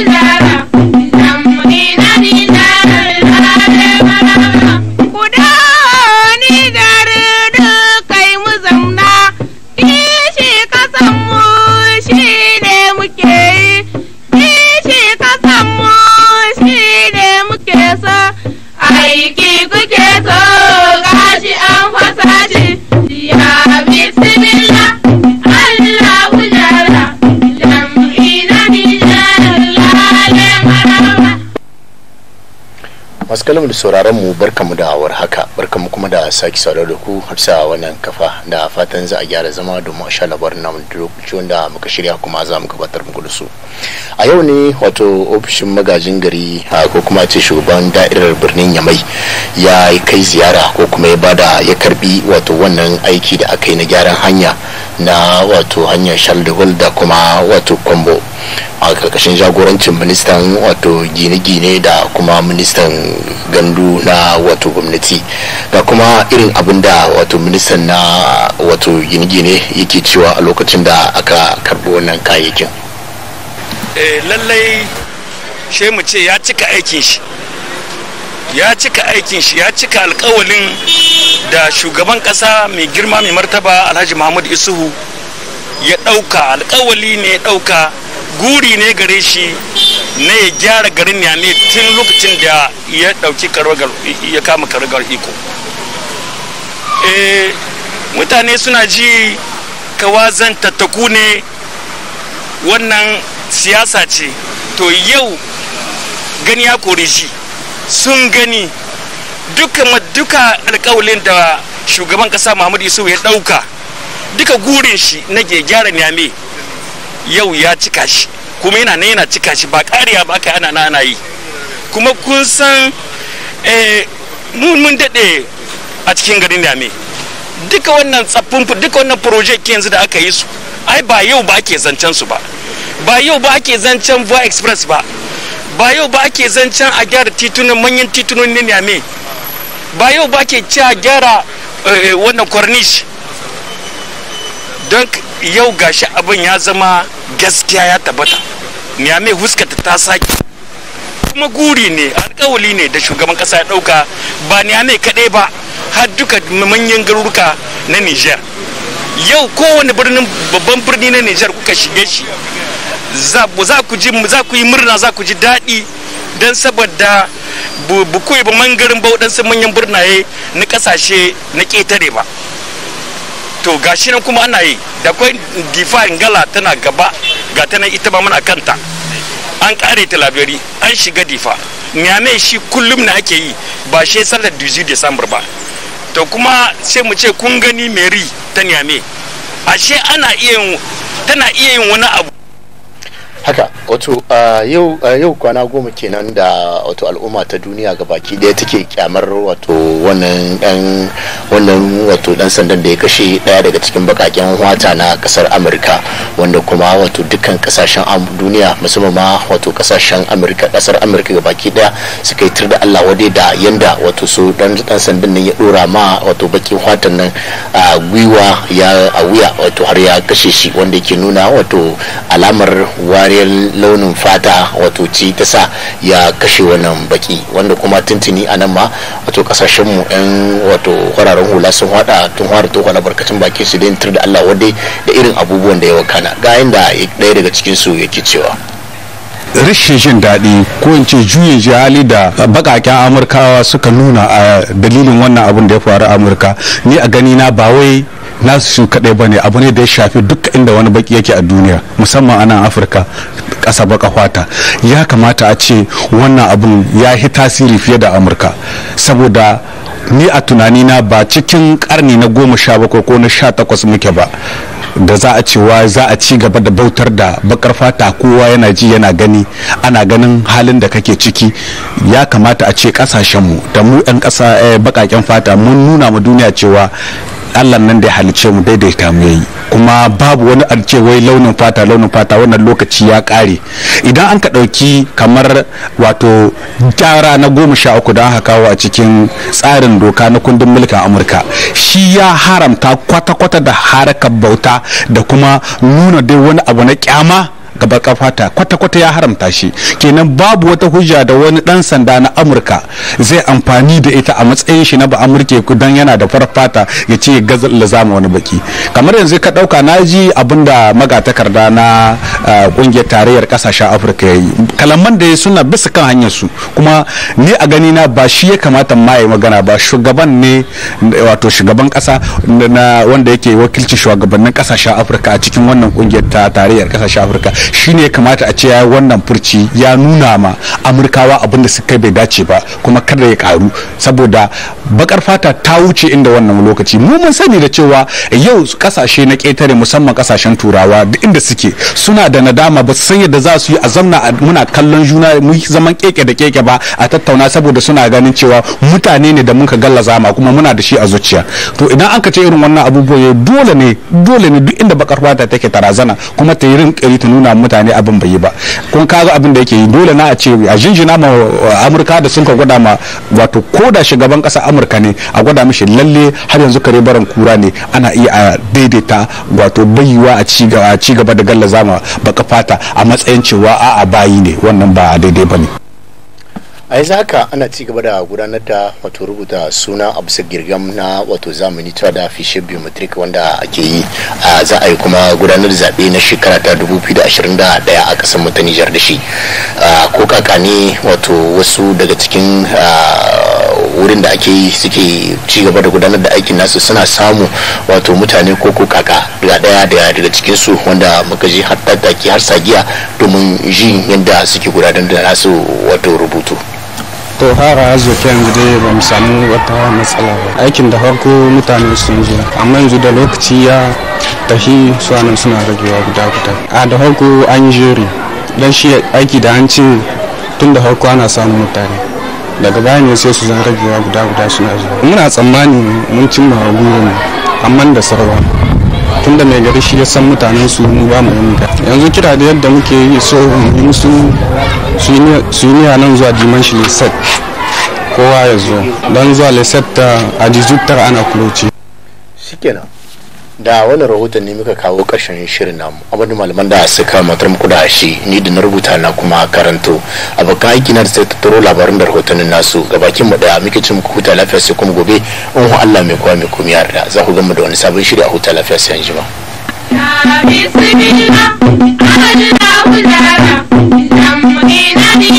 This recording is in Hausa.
Yeah. kallon da sauraron mu kamu da war haka kamu kuma da sake sauraro da ku hafsa wannan kafa da fatan za a gyara zama domin a sha labarin namu da muka shirya kuma za mu gabatar muku da su a yau ne wato ofishin magajin gari ko kuma ce shugaban da'irar birnin yamai ya kai ziyara ko kuma ya bada ya karbi wato wannan aiki da aka yi na gyaran hanya na wato hanyar charles de gaulle da kuma wato kwambo a karkashin jagorancin ministan wato gine-gine da kuma ministan gandu na wato gwamnati da kuma irin abin da wato ministan na wato gine-gine yake cewa a lokacin da aka karbi wannan kayayyakin eh, lallai shi mu ce ya cika aikin shi ya cika aikin shi ya cika alkawalin da shugaban ƙasa mai girma mai martaba alhaji muhammadu isuhu ya ɗauka alƙawali ne ya ɗauka guri ne gare shi na ya gyara garin ya ne tun lokacin da ya ɗauki ya kama karugar iko eh, mutane suna ji kawazan tattaku ne wannan siyasa ce to yau gani ya kori shi sun gani dukkan duka alkawalin da shugaban kasa muhammadu yusuf ya dauka duka gurin shi na gyara nyame yau ya cika shi kuma yana nan yana cika shi ba kariya ba aka ana ana yi kuma kun san eh, mun mun dade a cikin garin nyame duka wannan tsaffin duka wannan project yanzu da aka yi su ai ba yau ba ake zancen su ba ba yau ba ake zancen voa express ba ba yau ba ake zancen a gyara titunan manyan titunan ne nyame ba yau ba ke cewa gyara eh, wannan kwarnish don yau gashi abin ya zama gaskiya ya tabbata niyame huskata ta sake kuma guri ne alkawali ne da shugaban kasa ya dauka ba niyame kadai ba har duka manyan garuruka na niger yau kowane birnin babban birni na niger kuka shige shi za ku yi murna za ku ji daɗi don saboda bu ba mangarin ba manyan birnaye na ƙasashe na ketare ba to gashi nan kuma ana yi da kwai difa ngala tana gaba ga tana ita ba mana kanta an ƙare ta labari an shiga difa nyame shi kullum na ake yi ba shi sallar 18 december ba to kuma sai mu ce kun gani meri ta nyame ashe ana iya yin tana iya yin wani abu haka wato yau kwana goma kenan da wato al'umma ta duniya ga baki daya take kyamar wato wannan wato dan sandan da ya kashe daya daga cikin bakaken wata na kasar amurka wanda kuma wato dukkan kasashen duniya musamman ma wato kasashen amurka kasar amurka ga baki daya suka yi tur da allah wadai da yanda wato su dan sandan nan ya dora ma wato bakin watan nan a gwiwa ya a wuya wato har ya kashe shi wanda yake nuna wato alamar ware yan launin fata wato ci ta sa ya kashe wannan baki wanda kuma tuntuni a nan ma wato kasashen mu yan wato kwararren hula sun hada tun hada to na barkacin baki su da da Allah wadai da irin abubuwan da ya wakana ga inda ɗaya daga cikin su yake cewa rashin jin daɗi ko in ce juyin hali da bakaken amurkawa suka nuna a dalilin wannan abin da ya faru amurka ni a gani na ba wai nasu shi kadai ba ne abu ne da ya shafi duk inda wani baki yake a duniya musamman ana afirka ƙasa baka fata ya kamata a ce wannan abun ya yi tasiri fiye da amurka saboda ni a tunanina ba cikin karni na goma sha bakwai ko na sha takwas muke ba da za a cewa za a ci gaba da bautar da bakar fata kowa yana ji yana gani ana ganin halin da kake ciki ya kamata a ce kasashenmu da mu 'yan ƙasa eh, baƙaƙen fata mun nuna ma duniya cewa Allah nan da ya halice mu daidaita mu yayi kuma babu wani arce wai launin fata launin fata wannan lokaci ya kare idan an ka ɗauki kamar wato gyara na goma sha uku da aka kawo a cikin tsarin doka na kundin mulkin amurka shi ya haramta kwata-kwata da harakar bauta da kuma nuna dai wani abu na kyama gaba kafata kwata-kwata ya haramta shi kenan babu wata hujja da wani dan sanda na amurka zai amfani da ita a matsayin shi na ba amurke dan yana da farfata fata ya ce gazal lazama wani baki kamar yanzu ka dauka na ji abinda magatakarda na kungiyar tarayyar kasashen afirka ya yi kalaman da ya suna bisa kan hanyar su kuma ni a gani na ba shi ya kamata ma ya magana ba shugaban ne wato shugaban kasa na wanda yake wakilci shugabannin kasashen afirka a cikin wannan kungiyar ta tarayyar kasashen afirka shi ne ya kamata a ce ya wannan furci ya nuna ma amurkawa abin da suka bai dace ba kuma kada ya karu saboda bakar fata ta wuce inda wannan lokaci mu mun sani da cewa yau kasashe na ketare musamman kasashen turawa da inda suke suna da da nadama ba san yadda za su yi a zamna muna kallon juna mu zaman keke da keke ba a tattauna saboda suna ganin cewa mutane ne da muka galla ma kuma muna da shi a zuciya to idan an ka ce irin wannan abubuwa dole ne dole ne duk inda bakar fata take tarazana kuma ta yi rinkari ta nuna mutane abin bai yi ba kun kaga abin da yake yi dole na a ce a jinjina ma uh, amurka da sun ka gwada ma wato ko da shugaban kasa amurka ne a gwada mishi lalle har yanzu kare baran kura ne ana iya daidaita wato baiwa a ci gaba da galla ma baka fata a matsayin cewa a'a bayi ne wannan ba daidai ba ne a yanzu haka ana ci gaba da gudanar da wato rubuta suna a bisa girgam na wato zamani ta da fishe biometric wanda ake yi a za a yi kuma gudanar da zaɓe na shekara ta 2021 a kasan mu ta nijar da shi ko ne wato wasu daga cikin wurin da ake yi suke ci gaba da gudanar da aikin nasu suna samu wato mutane ko ko kaka daga daya da daga cikin su wanda muka ji har tattaki har sagiya domin jin yadda suke gudanar da nasu wato rubutu to fara azuki yanzu dai ba mu samu wata matsala ba aikin da farko mutane sun zo amma yanzu da lokaci ya tafi suwanan suna ragewa guda guda a da farko an jeri don shi aiki da an ce tun da farko ana samun mutane daga baya ne sai su zan ragewa guda guda suna zuwa muna tsammani mun cimma gurin amma da sarwa tunda mai gari shi ya san mutanen su mu ba mu yin yanzu kira da yadda muke yi so yi musu su yi nan zuwa jiman shi lisset kowa ya zo don zuwa lisset ta ana kuloci shikenan da wannan rahoton ne muka kawo ƙarshen shirin namu abin malaman da suka matar muku da shi ni da na rubuta na kuma karanto abokan aiki na da sai tattaro labarin da rahotannin nasu gabakin mu da muke cin muku huta lafiya sai kuma gobe in hu Allah mai kowa mai komai yarda za ku gama da wani sabon shiri a huta lafiya sai anjima bismillah